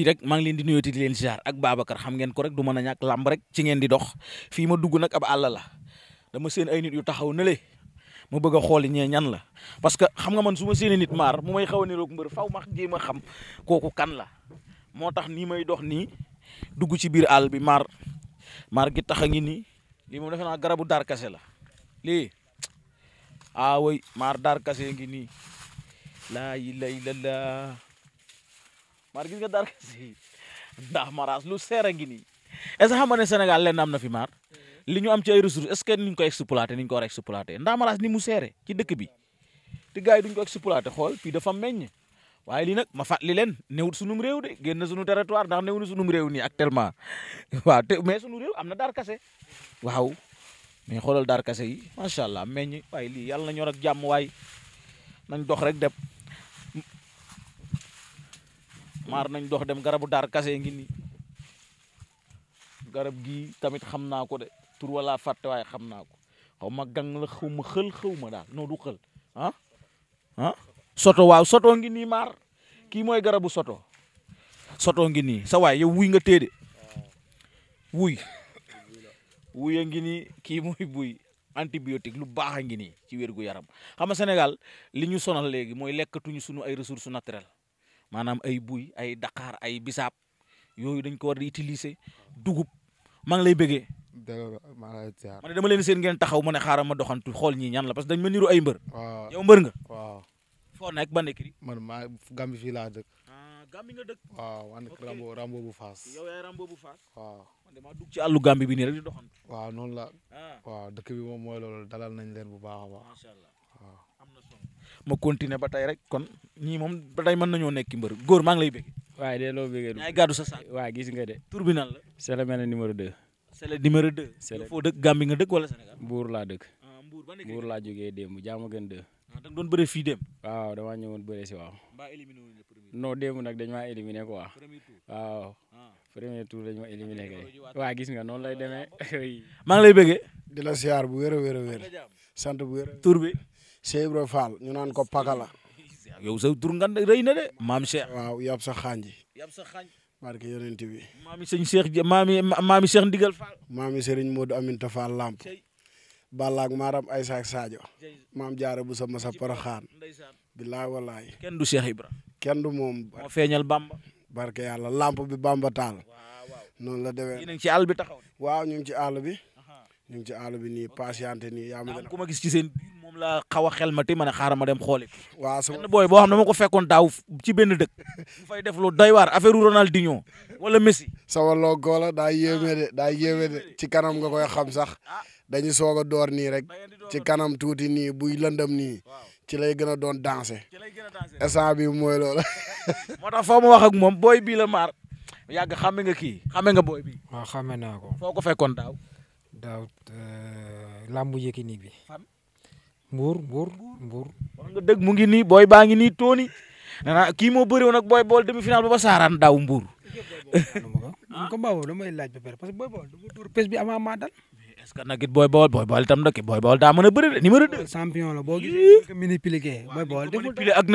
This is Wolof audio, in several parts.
kii rek maa ngi leen di nuyooti di leen ziar ak Babacar xam ngeen ko rek du mën a ñàkk rek ci ngeen di dox fii ma dugg nag ab àll la dama seen ay nit yu taxaw na le ma bëgg a xooli ñan la parce que xam nga man su ma séenee nit maar mu may xaw a niroog mbër faw ma jéem xam kooku kan la moo tax nii may dox nii dugg ci biir àll bi maar maar gi tax a ngi nii lii moom defe naa garabu daar kase la lii ah way maar daar kase ngi nii laa yi lay la margis nga dar ka si ndax maraas lu seer ngi nii est-ce ne Sénégal lenn am na fi maar mm-hmm. li ñu am ci ay ressources est ñu ko exploité ni ñu ko war a exploité ni mu seere ci dëkk bi te gars yi duñ ko exploité xool fii dafa meññ waaye lii nag ma li leen newut sunum réew de génn sunu territoire ndax newuñu sunum réew nii actuellement waaw te sunu réew am na daar kase waaw mais xoolal daar kase yi macha allah meññ waaye lii yàlla na ñor ak jàmm waay nañ dox rek dem. maar nañ dox dem garabu daar kase ngi nii garab gii tamit xam naa ko de tur wala fàtte waaye xam naa ko xaw ma gang la xaw ma xël xaw ma daal noo du xël ah? Ah? soto waaw soto ngi nii maar kii mooy garabu soto soto ngi nii sa yow wuy nga téede wuy wuy a ngi nii kii mooy buy antibiotique lu baax a ngi nii ci wér gu yaram xam nga Sénégal li ñu sonal léegi mooy lekkatuñu sunu ay ressources naturelles maanaam ay buy ay daqaar ay bisaab yooyu dañ ko war di utiliser dugub maa ngi lay bëggee. ma ne dama leen seen ngeen taxaw ma ne xaaral ma doxantu xool ñii ñan la parce que dañ ma niru ay mbër. waaw mbër nga. waaw foo nekk ba nekk man maa Gàmbi fii laa dëkk. ah Gàmbi nga dëkk. waaw bu Faas. yow yaay Rambo bu Faas. waaw ci àllu Gàmbi bi nii rek di doxantu. waaw noonu la. Ah. dëkk bi moom mooy loolu dalal nañ leen bu baax a baax. ma continuer ba tey rek kon ñii moom ba tey mën nañoo nekk mbër góor maa ngi lay bëgg. waaye de loo bëggee du. yaa ngi gàddu de. la. da nga ah, ah, doon bëree fii démb. siyaar ah. bu wér a wér a sant bu wér. tur Cheikh Ibra ñu naan ko Pakala. yow sa tur nga rëy na de maam Cheikh. waaw yab sa xaanji. yab sa xaanji. barke yonent bi. maami sëñ Cheikh maami maami Cheikh Ndigal Fall. maami Serigne Modou Aminta Fall Lamp. Balla ak Maram Aysa ak Sadio. maam jaare bu sa masa paraxaan. bilaay walaay. kenn du seex Ibra. kenn du moom. moo feeñal Bamba. barke yàlla lamp bi Bamba taal. noonu la demee. taxaw. waaw ñu ci àll bi. ñu ngi ci àll bi nii patiente nii. yaa ma gën a ku ma gis ci seen biir moom laa xaw a xel ma te man a xaaral ma dem xooli. waaw sama benn booy boo xam ne ma ko fekkoon daaw ci benn dëkk. mu def lu day waar affaire Ronaldinho di Messi. sama logo la ah, daa yéeme de daa yéeme de ci kanam nga koy xam sax ah. dañu soog a door nii rek ci kanam tuuti nii buy lëndëm nii ci lay gën a doon danser instant bi mooy loolu. moo tax foo ma wax ak moom booy bii la maar yàgg xame nga kii xame nga booy bii. waaw xame naa ko. foo ko fekkoon daaw. daaw euh, làmbu Yékini bi. mbuur mbuur mbuur. wax nga dëgg mu ngi nii booy baa ngi nii tooni kii moo bëri woon ak booy bool demi final ba ba saaraan daaw mbuur. ah comme boobu la may laaj ba pare parce que booy bool bi ama maa dal. est-ce que nag it booy bool booy bool a bëri de champion la boo gisee manipulé booy bool deful ak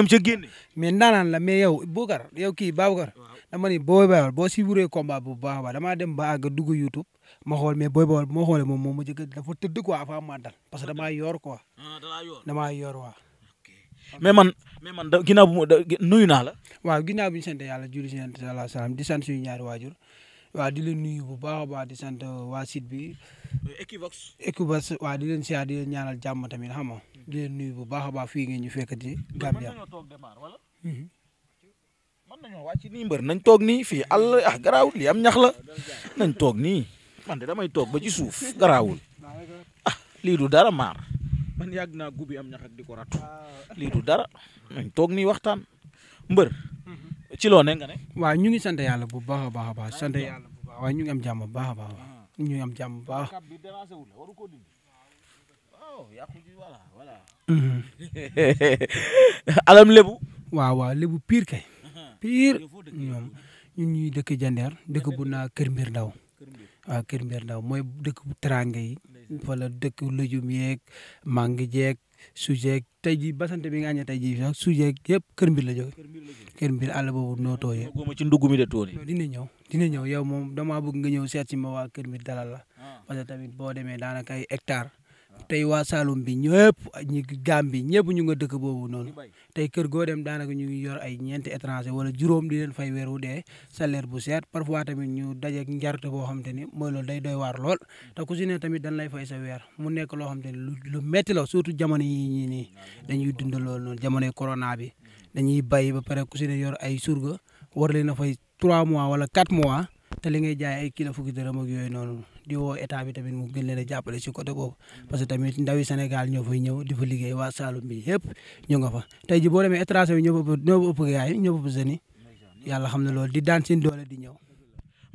dama ni booy bool boo si a baax damaa dem ba àgg dugg YouTube. ma xool mais booy bawal bu ma xoolee moom moom ma jëkk dafa tëdd quoi dafa am màndal parce que damaa yor quoi. Ah, damaa yor waaw. mais man mais man da ginnaaw bu da nuyu naa la. waaw ginnaaw bi ñu sant yàlla julli si yàlla salaam di sant suñu ñaari waajur waaw di leen nuyu bu baax a di sant waa sit bi. Euh, Equivox. Equivox waaw di leen siyaar di leen ñaanal jàmm tamit xam nga hmm. di leen nuyu bu baax a baax fii ngeen ñu fekk ci Gambia. mën nañoo hmm. wàcc nii mbër nañ toog nii fii àll a ah, garaaw li am ñax la nañ toog nii. man de damay toog ba ci suuf garaawul ah lii dara maar man yàgg naa gub am ñax ak di ko ratu ah. dara nañ toog nii waxtaan mbër mhm. ci loo ne nga ne. waaw ñu ngi sant yàlla bu baax a baax a baax sant yàlla bu baax waaye ñu ngi am jàmm bu baax a baax ah. ñu am jàmm bu baax. Oh, mhm. alam lébu. waaw waaw lébu pire kay. Uh-huh. pire ñoom ñun ñuy dëkk Jandeer dëkk bu naa Kër Mbir Ndaw waaw Kër Ndaw mooy dëkk teraanga yi wala dëkk lujum yeeg mangi jeeg sujeeg tey jii basante bi nga añee tey jii sax sujeeg yëpp Kër Mbir la jóge Kër Mbir àll boobu nootoo yëpp ci ndugg mi de tool yi dina ñëw dina ñëw yow moom damaa bëgg nga ñëw seet si waa Kër Mbir dalal la ah. parce que tamit boo demee daanaka ay tey waa saalum bi ñëpp ñi Gàmbi bi ñëpp ñu nga dëkk boobu noonu tey kër goo dem daanaka ñu ngi yor ay ñeenti étranger wala juróom di leen fay weer wu dee salaire bu seet parfois tamit ñu dajeeg njarte boo xam ni mooy loolu day doy waar lool te ku si ne tamit dan lay fay sa weer mu nekk loo xam te ni lu metti la surtout jamono yi ñii nii dañuy dund lool noonu jamonoy corona bi dañuy bay ba pare ku si yor ay surga war leen a fay trois mois wala quatre mois te li ngay jaay ay kilo fukki dërëm ak yooyu noonu woo état tamit mu gën leen a si côté boobu parce tamit ndawi Sénégal ñoo fay ñëw di fa liggéey waa Saloum bi yëpp fa tey ji boo demee étranger ñoo ëpp ñoo ëpp gaay ñoo ëpp jeunes yi yàlla xam di daan seen doole di ñëw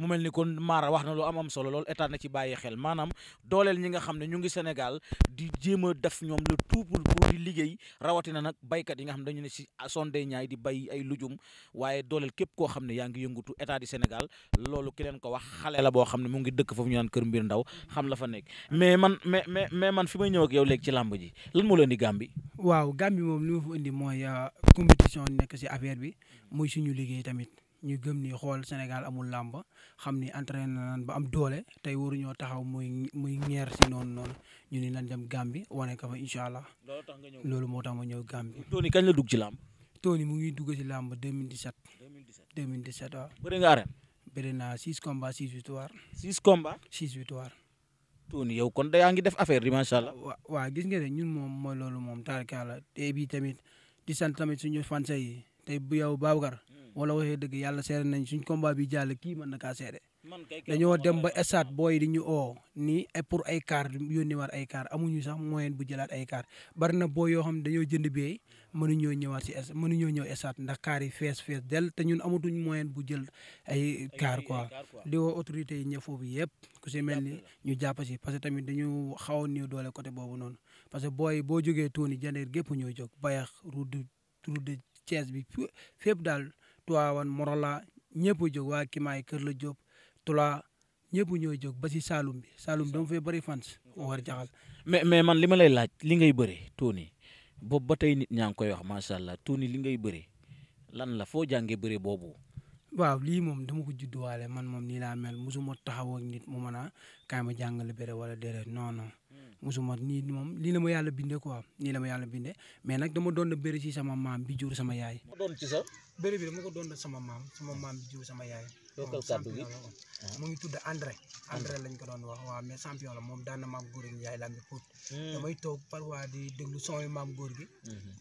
mu mel ni kon Mara wax na lu am am solo loolu état na ci bàyyi xel maanaam dooleel ñi nga xam ne ñu ngi Sénégal di jéem a def ñoom le tout pour di liggéey rawatina nag baykat yi nga xam ne dañu ne si sonde ñaay di bay ay lujum waaye dooleel képp koo xam ne yaa ngi yëngutu état du Sénégal loolu ki leen ko wax xale la boo xam ne mu ngi dëkk foofu ñu naan kër mbir ndaw xam la fa nekk mais man mais mais mais man fi may ñëw ak yow léegi ci làmb ji lan moo la indi Gambie. waaw Gambie moom li ma fa indi mooy euh, nekk affaire bi muy suñu liggéey tamit. ñu gëm ni xool Sénégal amul làmba xam ni entraîné naan ba am doole tey waruñoo taxaw muy muy ñeer si noon noonu ñu ni nañ dem gàmbi wane ko fa incha allah. loolu moo tax ma ñëw gàmbi Tony kañ la dugg ci làmb. Tony mu ngi dugg si làmb 2017. 2017 2017 waaw. bëri nga ren. bëri naa 6 combats 6 victoires. 6 combats 6 victoires. Tony yow kon da yaa ngi def affaire bi macha allah. waa gis nga de ñun moom mooy loolu moom tarkaala te bi tamit di sant tamit suñu fanse yi tey bu yow Babacar wala waxee dëgg yàlla seere nañ suñ combat bi jàll kii mën na kaa seere dañoo dem ba stade booy di ñu oo ni pour ay car yónniwaat ay car amuñu sax moyen bu jëlaat ay car bari na booy yoo xam ne dañoo jënd bee mënuñoo ñëwaat si stade ñëw stade ndax car yi fees fees del te ñun amatuñ moyen bu jël ay car quoi di woo yi ñëw foofu yëpp ku si mel ni ñu jàpp si parce que tamit dañu xaw a doole côté boobu noonu parce que booy boo jógee tuuni jandeer gépp ñoo jóg bayax route de Thiès bi fépp daal Tuwaawan Morola ñëpp a jóg waa Kimaay Kër la Diop Tula ñëpp ñoo jóg ba si Saalum bi Saalum dama fay bëri fans war jaxal mais mais man li ma lay laaj li ngay bëri Tony boobu ba tey nit ñaa ngi koy wax macha allah Tony li ngay bëri lan la foo jàngee bëri boobu. waaw lii moom dama ko judduwaale man moom nii laa mel mosuma taxawoo ak nit mu mën a kaay ma jàngale bëre wala déedéet non musuma nii moom lii la ma yàlla bindee quoi lii la ma yàlla bindee mais nag dama doon bëri ci sama maam bi jur sama yaay. doon ci sa. bëri bi dama ko doon sama maam sama maam bi jur sama yaay. local ngi tudd André. André lañ ko doon wax waaw mais champion la moom daan na maam góor gi yaay la amee damay toog parfois di déglu son yi maam góor gi.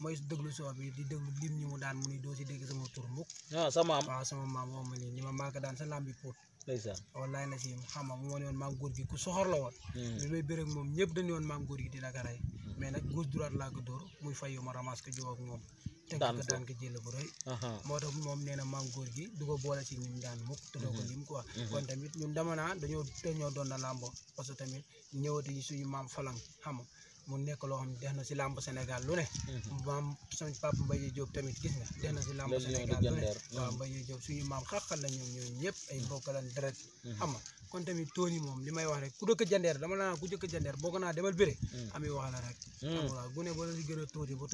mooy hmm. déglu son bi di déglu lim ñi mu daan mu ni doo ci dégg sama tur mukk. ah sa maam waaw sama maam moom la nii ñi ma maa daan sa lambi pour. ndeysaan wallaay la si xam nga mu ma ne woon maam góor gi ku soxor la woon hmm. bi may bëre ak moom ñëpp dañu woon maam góor gi dina ko rey hmm. mais nag gauche droite laa ko dóor muy fay yu ma ramas ko jiw moom teg maam góor gi du ko boole ci ñim daan mukk te doo ko hmm. lim quoi kon tamit ñun dama naa dañoo dañoo doon na làmbo parce que tamit ñëwati suñu maam falang xam mu nekk loo xam ne na si làmb Sénégal lu ne mhm. maam sama papa Mbaye Diop tamit gis nga def na si làmb Sénégal lu ne mhm. maam xàqal la ñoom ñooñu ñëpp ay mbokk mhm. lan deret xam nga kon tamit Tony moom li may wax rek ku dëkk jandeer dama la naa ku dëkk jandeer boo ko naa demal bëre ami wax la rek waaw gune ba la si gën a ko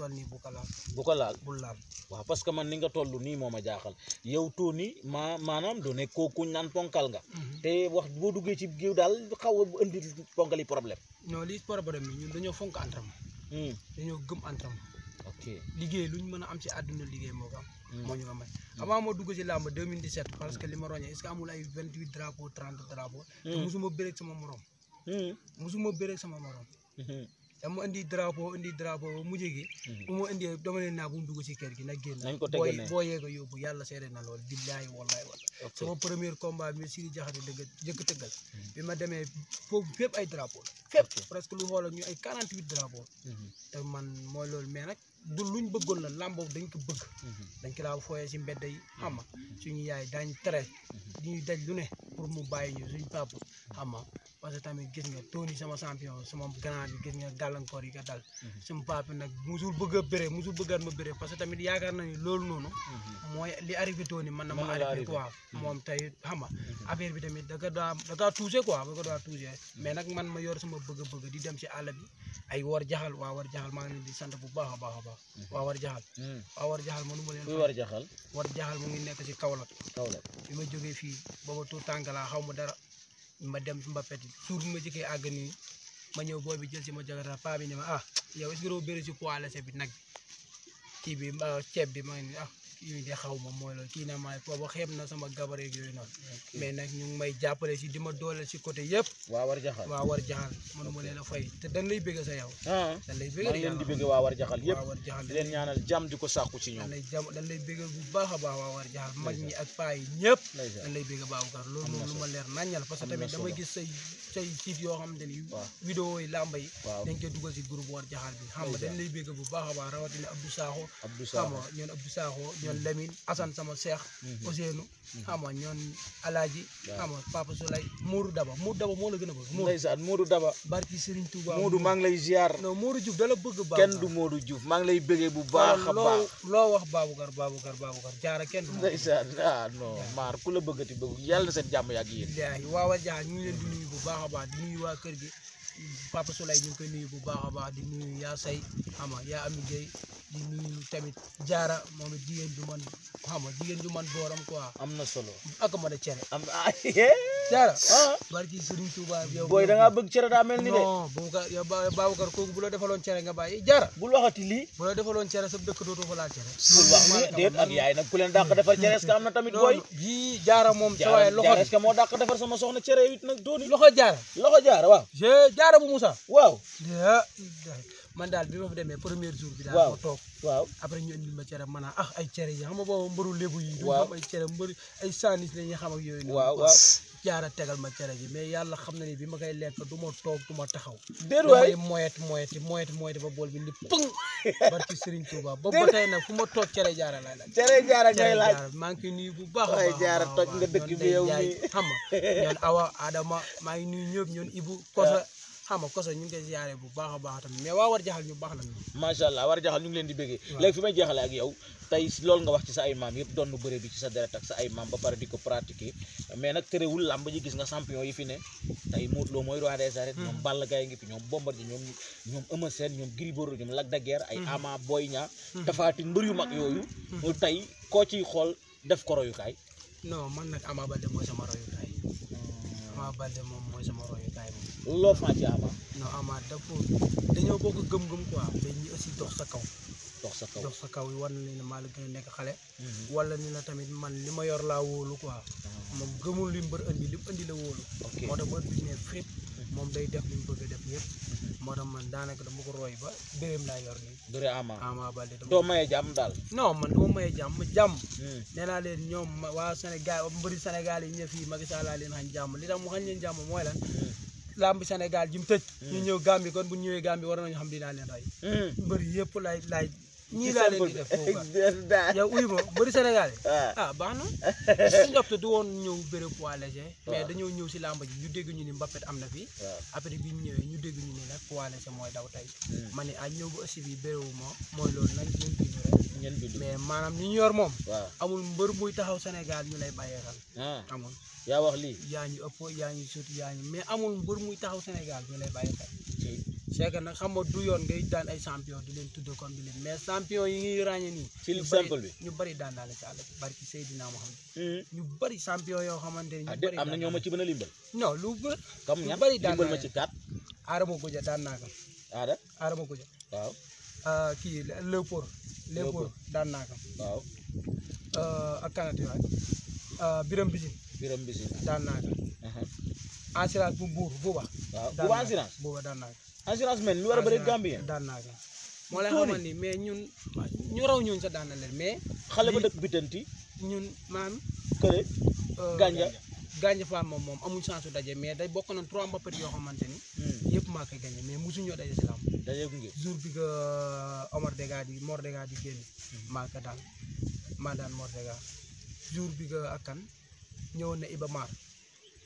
laal bu ko laal bu laal waaw man ni nga toll nii moom a jaaxal yow Tony ma maanaam doo nekk kooku naan ponkal nga te wax boo duggee ci géew daal xaw a indi ponkali problème non li problème bi ñun dañoo fonk entraînement. Hmm. dañoo gëm entraînement. ok liggéey lu ñu mën a am ci àdduna liggéey moo ko am. Hmm. moo ñu ko may avant moo dugg ci làmb 2017 parce que li ma roñee est ce que amul ay 28 drapeaux 30 drapeaux. Hmm. te mosuma bëreeg sama morom. mosuma bëreeg sama morom. dama indi drapeau indi drapeau ba mujj gi. Mhm. bu ma indi dama naa bu dugg si kër gi nag génn. nañ ko teggee ne boo boo yeggee yóbbu yàlla seere na lool billaahi wallaahi wala. sama premier combat bi Sidi Diakhaté dëgg jëkk tëggal. Mhm. bi ma demee foofu fépp ay drapeau la. fépp presque lu xool ñu ay 48 drapeau. Mhm. te man mooy loolu mais nag du luñ bëggoon la lamboo dañ ko bëgg. dañ ko daa fooyee si mbedd yi xam nga yaay daañu tere. di ñuy daj lu ne. pour mu bàyyi ñu suñ papa xam nga tamit gis nga Tony sama champion sama grand bi gis nga gàllankoor yi nga dal mhm. suñu papa nag musul bëgg a bëre musul bëggaat ma bëre parce que tamit yaakaar na ni loolu noonu mhm. mooy li arrivé Tony man na ma arrivé quoi mhm. moom tey xam nga bi tamit da ko daa da kaa touché quoi da daa touché mais nag man ma yor sama bëgg-bëgg di dem si àll bi ay war jaxal waa war jaxal maa ngi leen sant bu baax a baax a baax waa war jaxal waa war jaxal ma leen war jaxal war jaxal mu ngi nekk si ka Kaolack laa xaw ma dara ma dem Mbappé suur bi ma jëkkee àgg nii ma ñëw booy bi jël si ma jagara paa bi ne ma ah yow est-ce que bëri si poids la bi nag bi kii ah, ceeb bi ma ne ah yooyu de xaw ma mooy loolu kii na maay booba xeeb na sama gabar yeeg yooyu noonu mais nag ñu ngi may jàppale si di ma dooleel si côté yëpp waa war jaxal waa war jaxal man mu leen a fay te dañ lay bëgg sa yow ah. dañ lay bëgg leen di bëgg waa war jaxal yëpp waa war jaxal di leen ñaanal jàmm di ko sàkku ci bu baax a baax waa war jaxal mag ñi ak paa yi a ñoon ñoon asan sama seex mhm. Ousseynou mhm. xam nga ñoon Alaaji xam nga Papa Soulay Modou Daba Modou Daba moo la gën a bëgg ndeysaan Modou Daba barki Serigne Touba lay ziar non Modou Diouf bëgg kenn du Modou Diouf maa ngi lay bëggee bu baax a baax loo wax Baboucar Baboucar Baboucar jaara kenn du ndeysaan ah non maar ku la bëggati bëgg yàlla na seen jàmm yàgg yéen waawa jaa ñu ngi leen di nuyu bu baax a baax di nuyu waa kër gi Papa Soulay ñu ngi nuyu bu baax a baax di nuyu yaa say xam nga yaa Ami Gueye di nuyu jaara moom it jigéen ju man xam nga jigéen ju man booram quoi. am na solo ak ma da am na eh. jaara. Ah. barki Serigne Touba yow. booy da ngaa bëgg cere daa mel ni de. non Boubacar yow Babacar kooku bu defaloon cere nga bàyyi jaara. bul waxati lii. bu la defaloon cere sa dëkk dootoo fa laal cere. bul wax ni déet ak yaay nag ku leen dàq defar cere est am na tamit booy. yii jaara moom. sa waay loxo moo dàq defar sama soxna cere it nag dooni. loxo jaara loxo jaara waaw. je jaara bu musa waaw. man daal bi ma fa demee premier jour bi daal ma toog waaw après ñu indil ma cere man a ah ay cere yi xam nga boobu mbëru lébu yi la ñuy xam ak yooyu waaw waaw jaara tegal ma cere ji mais yàlla xam na bi ma koy lekk du ma toog taxaw déet waay damay moyet moyeti moyet bool bi ni pëng barki Serigne Touba ba ba ma toog cere jaara laay laaj cere jaara ngay laaj maa ngi koy nuyu bu baax ay jaara toj nga dëkk bi yow mi xam nga ñoon Awa Adama maa ngi nuyu ñëpp ñoon Ibu Kosa xam nga koso ñu ngi koy ziare bu baax a baax tamit mais waa war ñu baax la macha allah war ñu ngi leen di bëggee léegi fi may jeexale ak yow tey loolu nga wax ci sa ay maam yëpp doon bëre bi ci sa deret ak sa ay maam ba pare di ko pratiquer mais nag terewul làmb ji gis nga champion yi fi ne tey Modou Lo mooy roi des arènes ñoom hmm. Balla Gaye ngi fi ñoom Bombardier ñoom ñoom Eumeu Sène ñoom Gris ñoom Lac de ay hmm. Ama Boy Niang hmm. Tapha Tine mbër koo ciy xool def ko royukaay non man nag Ama Baldé mooy sama royukaay Ama Baldé moom mooy sama royukaay moom. loo fàccee Ama. non Ama dafa dañoo bokk gëm-gëm quoi mais ñi aussi dox sa kaw. dox sa kaw dox sa kaw war na ni maa la gën a nekk xale mhm. wala ni la tamit man li ma yor laa wóolu quoi ah. moom gëmul li mbër indi la wóolu moo tax bër bi mhm. moom day def li mu a def yëpp mhm. moo tax man daanaka dama ko roy ba dërëm laa yor nii dërëm ama ama balde doo daal non man doo maye jàmm jàmm hmm. nee naa leen ñoom waa Sénégal mbëri Sénégal yi ñëw fii Macky Sall laa leen li tax mu xañ leen jàmm mooy lan hmm. làmb ji mu tëj hmm. ñu ñëw Gambie kon bu ñëwee Gambie war nañu xam dinaa leen rey mbëri yëpp lay ñii laa leen di def foofu yow bëri Sénégal yi. ah, ah baax na suñu opte du woon ñëw bëre poids mais dañoo ñëw si làmba ji ñu dégg ñu ni Mbappé am na fi. après bi ñu ñëwee ñu dégg ñu ni nag poids léger mooy daw tey. Hmm. ma ne ah ñëw ba aussi bi bëre wu ma mooy loolu nag mais maanaam li ñu yor moom. amul mbër muy taxaw Sénégal ñu lay bàyyee xel. Ah. amul yaa wax lii. yaa ñu ëpp yaa ñu sut yaa ñu mais amul mbër muy taxaw Sénégal ñu lay bàyyee xel. c'est que nag xam nga du yoon ngay daan ay champion du leen tudde comme bi mais champion yi ngiy ràññee nii ci lu simple bi ñu bari daan naa la ci àll bi hmm. bari ci Seydina Mohamed ñu bëri champion yoo xamante ni ñu ah, am na ñoo ma ci mën a limbal non lu comme ñan bëri daan limbal ci kat Adama Goudia daan naa ko aada Adama Goudia euh, kii Léopold Léopold daan naa ko waaw Biram Bisin Biram Bisin daan naa ko assurance bu buur buuba waaw buuba assurance buuba daan naa ko assurance men lu war a bëri Gambien daan moo lay xamal ni mais ñun ñu raw ñun sa daan mais xale ba dëkk bitanti ñun maam kële euh, gànja gànja fa moom moom amuñ chance daje mais day bokk na trois mbappat yoo xamante ni yëpp hmm. maa koy gagné mais musuñ ñoo daje si lamb jour bi nga euh, Omar Dega di Mor Dega di génn hmm. maa daan maa daan Mor Dega jour bi nga akkan ñëwoon Iba Mar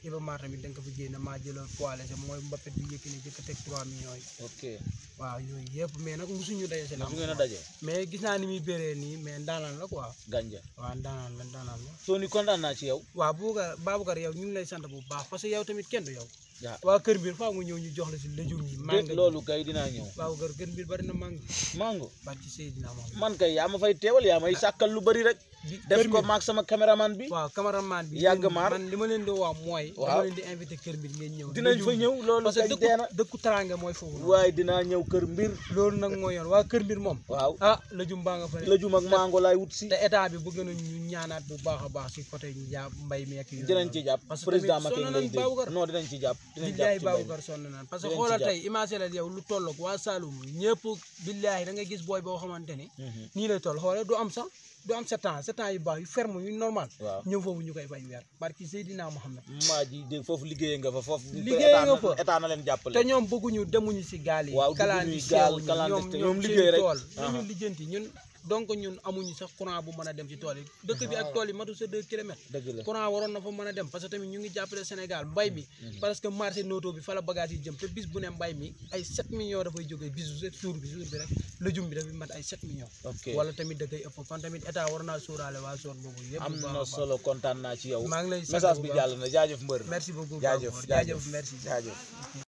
Iba Mar tamit da nga ko fi génne maa yi. ok waaw yooyu yëpp mais nag mosuñu daje si. mosu ngeen a daje. mais gis naa ni muy bëree nii mais ndaanaan la quoi. gànja waaw ndaanaan la ndaanaan la. soo ni kontaan naa ci yow. waaw Boubacar ñu ngi lay sant bu baax parce que yow tamit kenn yow. waa Kër Mbir faa nga ñëw ñu jox la si légumes yi. mango loolu kay dinaa ñëw. waaw Kër Mbir bari na mango. mango. man kay yaa ma fay teewal yaa may lu bari rek def ko maag sama caméraman bi waaw caméraman bi yàgg maar man li ma leen di wax mooy dama leen di invité kër mbir ngeen ñëw dinañ fa ñëw loolu parce que dëkku dëkku teraanga mooy foofu waaye dinaa ñëw kër mbir loolu nag mooy yoon waa kër mbir moom waaw ah lëjum baa nga fa lëjum ak mango laay wut si te bi bëgg nañ ñu ñaanaat bu baax a baax si côté ñu jàpp mbay mi ak dinañ ci jàpp président Macky lay dégg non dinañ ci jàpp dinañ jàpp Babacar sonn naan parce que xoolal tey imagine la yow lu tolloog waa Saloum ñëpp billaahi da nga gis booy boo xamante ni mhm. nii lay toll xoolal du am sax du am sept ans sept ans yu baax yu ferme yu normal. waaw ñëw foofu ñu koy fay weer barki Seydina Mohamed. maa ji dégg foofu liggéey nga fa foofu. liggéey nga fa état na leen jàppale. te ñoom bëgguñu demuñu si gaal yi. waaw bëgguñu gaal kalaan ñoom ñoom liggéey rek ñoom ñoom rek ñun. donc ñun amuñu sax courant bu mën a dem ci tool yi dëkk bi ak ah. tool yi matu sa deux kilomètres dëgg la courant waroon na fa mën a dem parce tamit ñu ngi jàppale Sénégal mbay mi mm-hmm. Mm-hmm. parce que marché noto bi fa la bagage bis bu ne mbay bi jour bi rek lëjum bi dafay mat ay 7 millions wala tamit da koy ëpp kon tamit état war naa sóoraale waa zone boobu yëpp am na solo kontaan ngi lay message bi jàll na mbër merci